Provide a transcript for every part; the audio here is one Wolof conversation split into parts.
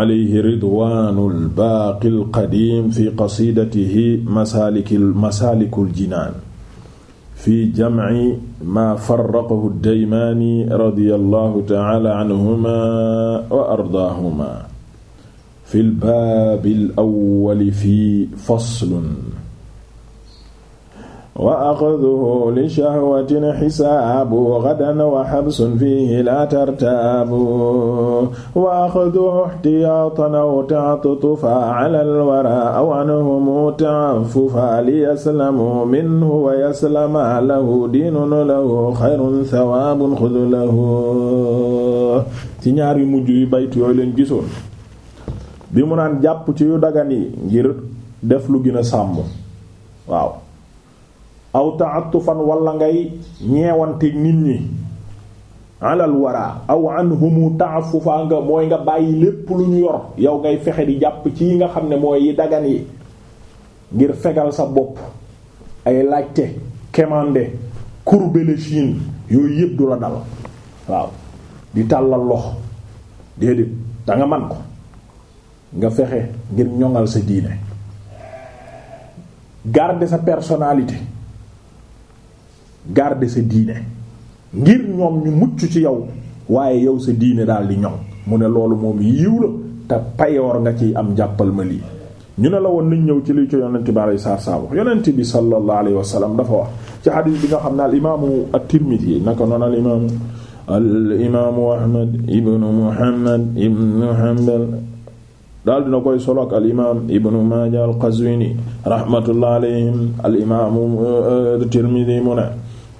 alayhi ridwaanul baaqil qadiim fi qasiidatihi masaalikil masaalikul jinaan fi jamci maa farraqahu daymaani radiyallahu ta'ala anhumaa wa ardaahumaa fil baabil awwali fi faslun wa axaduhu li shahwatin xisaabu gadan wa xabsun fiihi laa tartaabu wa axaduhu ixtiyaatan aw taattufa ala alwara aw anhum taaffufa li minhu wa lahu diinun lahu xayrun sawaabun xudu lahu ci ñaar yu mujj yu baytu yooyu leen gisoon bi mu naan jàpp ci yu dagan yi ngir def lu gën sàmm waaw aw ta'attufan wala ngay ñeewante nit ñi alal wara aw anhumu ta'affufa nga mooy nga bàyyi lépp lu ñu yor yow ngay fexe di jàpp ci yi nga xam ne mooy yi dagan yi ngir fegal sa bopp ay laajte kemande courber l'échine yooyu yëpp du la dal waaw di tàllal lox déedéet da nga man ko nga fexe ngir ñoŋal sa diine garder sa personnalité garder sa diine ngir ñoom ñu mucc ci yow waaye yow sa diine daal di ñoŋ mu ne loolu moom yiw la te payoor nga ci am jàppal ma lii ñu ne la woon nañ ñëw ci li ci yonent bi alayhi salaam wax yonent bi sallallahu alayhi dafa wax ci xadiis bi nga xam ne al imaamu naka noonu al imaamu al imaamu Muhammad ibnu Hanbal daal dina koy solo ak al imaam ibnu Maaja al-Qazwini rahmatullah alayhim al euh, euh, mu ne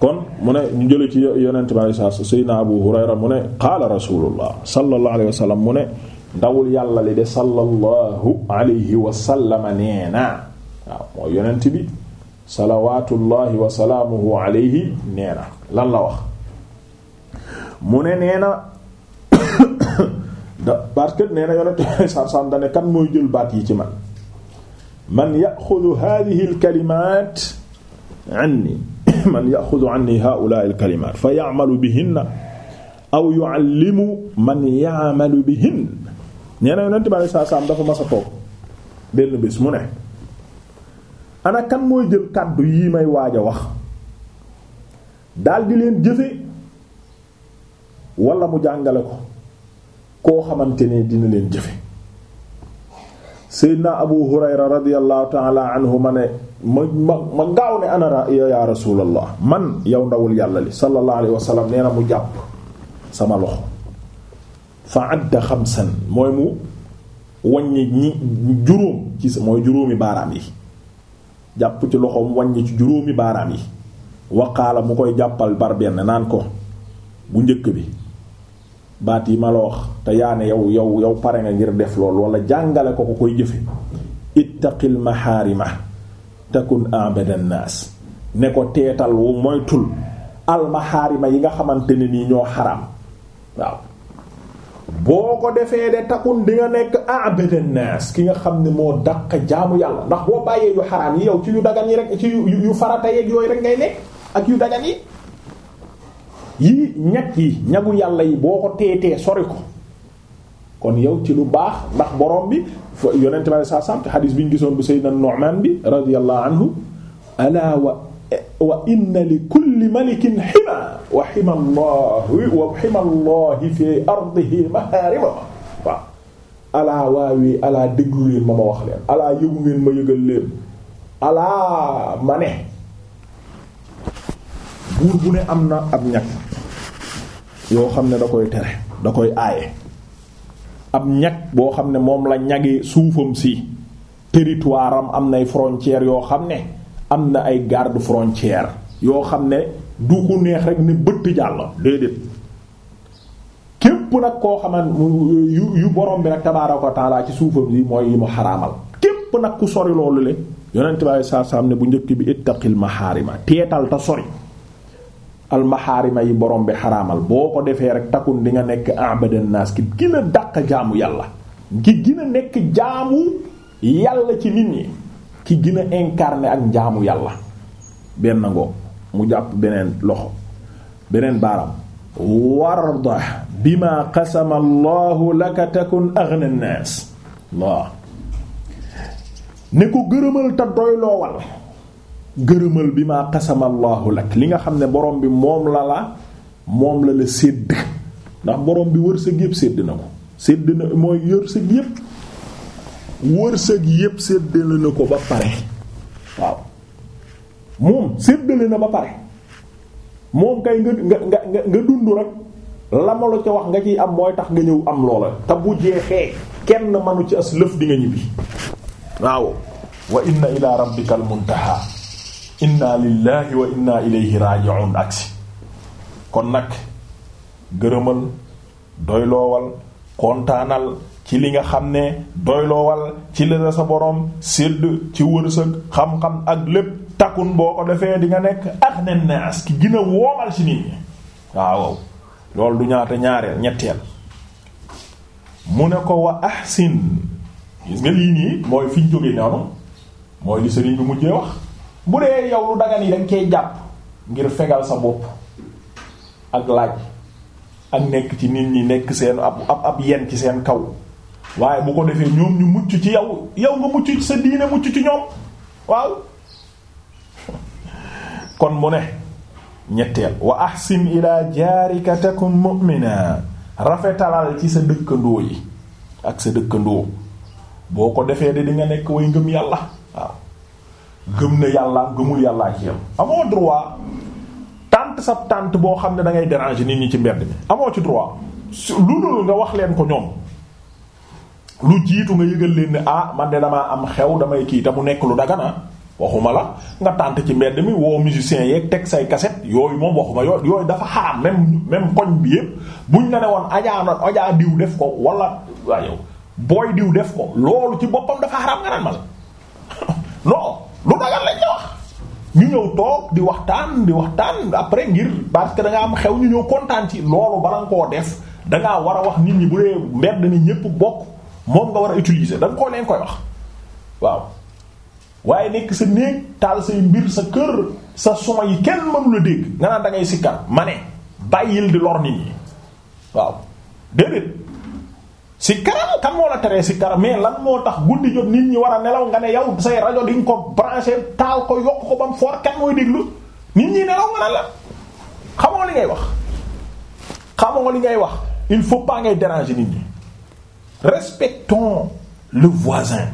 kon mu ne ñu jële ci yonente bi saa su sayyidina Abu Hurayra mu ne qaala rasulullah sallallahu alayhi wa mu ne ndawul yàlla li de sallallahu alayhi wa sallama waaw mooy yonent bi salawatullahi wa alayhi nee lan la wax mu ne nee na da parce yonent bi saa sam kan mooy jël baat yi ci man man yaxudu hadhihi al kalimat man yaxudu anni haa'ulaa'i al fa ya'malu bihinna aw yu'allimu man ya'malu bihinna nee na yonent bi alayhi salaam dafa mas a toog benn bés mu ne ana kan mooy jël kàddu yi may waaj a wax daldi leen jëfe walla mu jàngale ko koo xamante ne dina leen jëfe Seydina Abu Hurayra radiyallahu ta'ala anhu ma ne ma ma ma gaaw ne ana ya rasulallah man yow ndawul yàlla li sallallahu alayhi wa sallam nee mu jàpp sama loxo fa adda xamsan mooy mu wàññi ñi juróom ci mooy juróomi baaraam yi jàpp ci loxoom waññi ci juróomi baaraam yi waqaala mu koy jàppal bar benn naan ko bu njëkk bi baat yi ma la wax te yaa ne yow yow yow pare nga ngir def lool walla jàngale ko ko koy jëfe ittaqil maharima takun abadan naas ne ko teetal wu moytul almaxaarima yi nga xamante ne nii ñoo xaraam waaw boo ko defee de takun di nga nekk abadan ki nga xam ne moo daq jaamu yàlla ndax boo bàyyee yu xaraam yi yow ci yu dagan yi rek ci yu farata yeeg yooyu rek ngay nekk ak yu dagan yi yii ñag yi ñagu yàlla yi boo ko teetee sori ko kon yow ci lu baax ndax borom bi yonente bi alei sat selaam te xadis bi ñu gisoon bu sayyidina Nu'man bi radiyallahu anhu ala wa wa inna li kulli malikin xima wa xima wa xima fi ardihi mahaarimahu waaw alaa waawi alaa déglu leen ma ma wax leen alaa ma ne buur bu ne am na ab ñag yoo xam ne da koy tere da koy aaye ab ñag boo xam ne moom la ñage suufam si territoire am na nay frontières yoo xam ne am na ay garde frontière yoo xam ne du ko neex rek ne bëtt jàll déedéet képp nag koo xaman yu yu borom bi nag tabaaraka wa taala ci suufam si mooy yi mu xaraamal képp nag ku sori loolu le yonent bi sallallahu alayhi wasallam ne bu njëkk bi ittaqil maharima teetal ta sori almaxaarima yi borom bi xaraamal boo ko defee rek takun dinga nga nekk abadan naas ki gën dàq jaamu yàlla ki gën a nekk jaamu yàlla ci nit ñi ki gën a ak njaamu yàlla benn ngoo mu jàpp beneen loxo beneen baaram warda bima qasama allahu laka takun aghna ne ko gërëmal te doyloowal gërëmal bi maa qasama allahu lak li nga xam ne borom bi moom la la moom la la sédd ndax borom bi wërsëg yépp sédd na ko sédd na mooy wërsëg yépp wërsëg yépp séddale na ko ba pare waaw moom séddale na ba pare moom kay nga nga nga nga dund rek la ma la ca wax nga ciy am mooy tax nga ñëw am loola te bu jeexee kenn manu ci as lëf nga ñibbi waaw wa inna ila rabbikal muntaha inna lillahi wa inna ilayhi raji'un aksi kon nag gërëmal doyloowal kontaanal ci li nga xam ne doyloowal ci li la sa boroom sédd ci wërsëg xam-xam ak lépp takkun boo ko defee di nga nekk ak ne naas ki gën a ci nit ñi waaw loolu du ñaata ñaareel ñetteel mu ne ko wa ahsin gis nga lii nii mooy fi ñu jógee mooy li sëriñ bi mujjee wax bu dee yow lu dagan yi danga koy jàpp ngir fegal sa bopp ak laaj ak nekk ci nit ñi nekk seen ab ab ab yenn ci seen kaw waaye bu ko defee ñoom ñu mucc ci yaw yow nga mucc ci sa diine mucc ci ñoom waaw kon mu ne ñetteel wa ahsin ila jaarika takun mu'mina rafetalal ci sa dëkkandoo yi ak sa dëkkandoo boo ko defee de di nga nekk way ngëm yàlla waaw gëm ne yàlla gëmul yàllaa ci yam amoo droit tànt sa tànt boo xam ne dangay ngay déranger nit ñi ci mbedd mi amoo ci droit lu dul nga wax leen ko ñoom lu jiitu nga yëgal leen ne ah man de damaa am xew damay kii te mu nekk lu dagana ah. waxuma la nga tànt ci mbedd mi woo musiciens yeeg teg say cassette yooyu moom waxuma yooyu yooyu dafa xaram même même koñ bi yëpp buñ la ne woon ajaana ajaa diw def ko wala waaye booy diw def ko loolu ci boppam dafa xaram nga naan ma lu dagal lañ la wax ñu ñëw toog di waxtaan di waxtaan après ngir parce que da am xew ñu ñëw kontaan ci loolu bala nga koo def da war a wax nit ñi bu dee mbedd ni ñépp bokk moom nga war a utiliser da koo leen koy wax waaw waaye nekk sa néeg taal say mbir sa kër sa suma yi kenn mënu la dégg nga naan da sikkar ma ne bàyyil di lor nit ñi waaw déedéet si karam kan moo la teree si karam mais lan moo tax guddi jot nit ñi war a nelaw nga ne yow say rajo di nga ko branché taal ko yokk ko ba mu fort kan mooy déglu nit ñi nelaw nga ne la xamoo li ngay wax xamoo li ngay wax il faut pas ngay déranger nit ñi respectons le voisin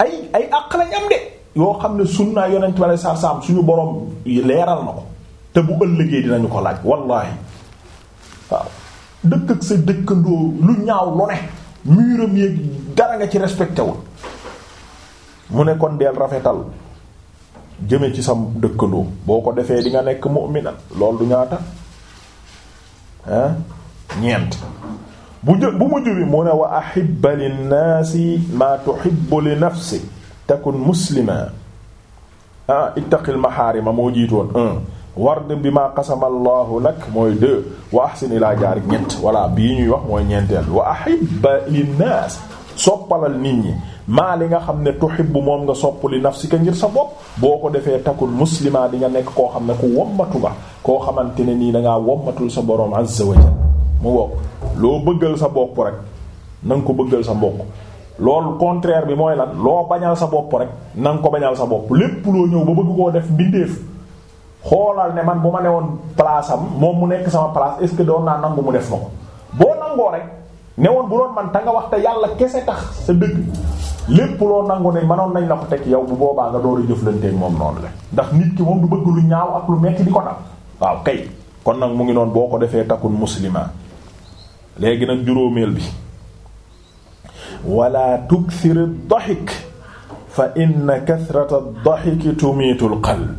ay ay àq lañ am de yoo xam ne sunna yonent wala sar sam suñu borom leeral na ko te bu ëllëgee dinañu ko laaj wallahi waaw dëkk sa dëkkandoo lu ñaaw lu ne muram yéeg dara nga ci respecté wul mu ne kon deel rafetal jëme ci sa dëkkandoo boo ko defee di nga nekk mu'minan lool du ñaata ah ñeent bu jë bu mujj bi mu ne wa ahibba linnaasi maa tuhibbu li nafsi takun muslima ah ittaqil ma moo jiitoon ward bi ma qasama allahu lak mooy deux wa ahsin ilaa jaarik ñett voilà bii ñuy wax mooy ñeenteel wa ahibba linnaas soppalal nit ñi maa li nga xam ne tuhibbu moom nga sopp li nafsika ngir sa bopp boo ko defee takul muslima di nga nekk koo xam ne ku wommatu nga koo xamante ne nii dangaa ngaa wommatul sa boroom azza wa mu bokk loo bëggal sa bopp rek na ko bëggal sa mbokk loolu contraire bi mooy lan loo bañal sa bopp rek na ko bañal sa bopp lépp loo ñëw ba bëgg koo def mbindeef xoolal ne man bu ma newoon place moom mu nekk sama place est-ce que doon naa nangu mu def ma ko boo nangoo rek newoon bu doon man ta nga wax te yàlla kese tax sa dëgg lépp loo nangu ne manoon nañ la ko teg yow bu boobaa nga door a jëflanteeg moom noonu la ndax nit ki moom du bëgg lu ñaaw ak lu metti di ko dal waaw kay kon nag mu ngi noonu boo ko defee takun muslima léegi nag juróomeel bi wala tukthir ad-dahik fa inna kathrata ad-dahiki qalb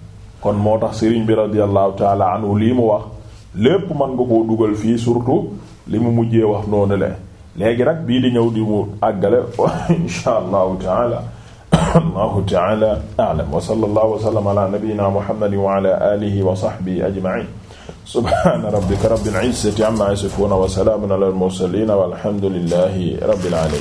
kon moo tax sëriñ bi radiallahu taala anhu lii mu wax lépp mën nga koo dugal fii surtout li mu mujjee wax noonu le léegi nag bii di ñëw di mu àggale insha allahu taala allahu taala a'lam wa sallallahu wa sallam ala nabiyyina muhammadin wa ala alihi wa sahbihi ajma'in subhana rabbika rabbil izzati amma yasifuna wa salamun ala al mursalin walhamdulillahi rabbil alamin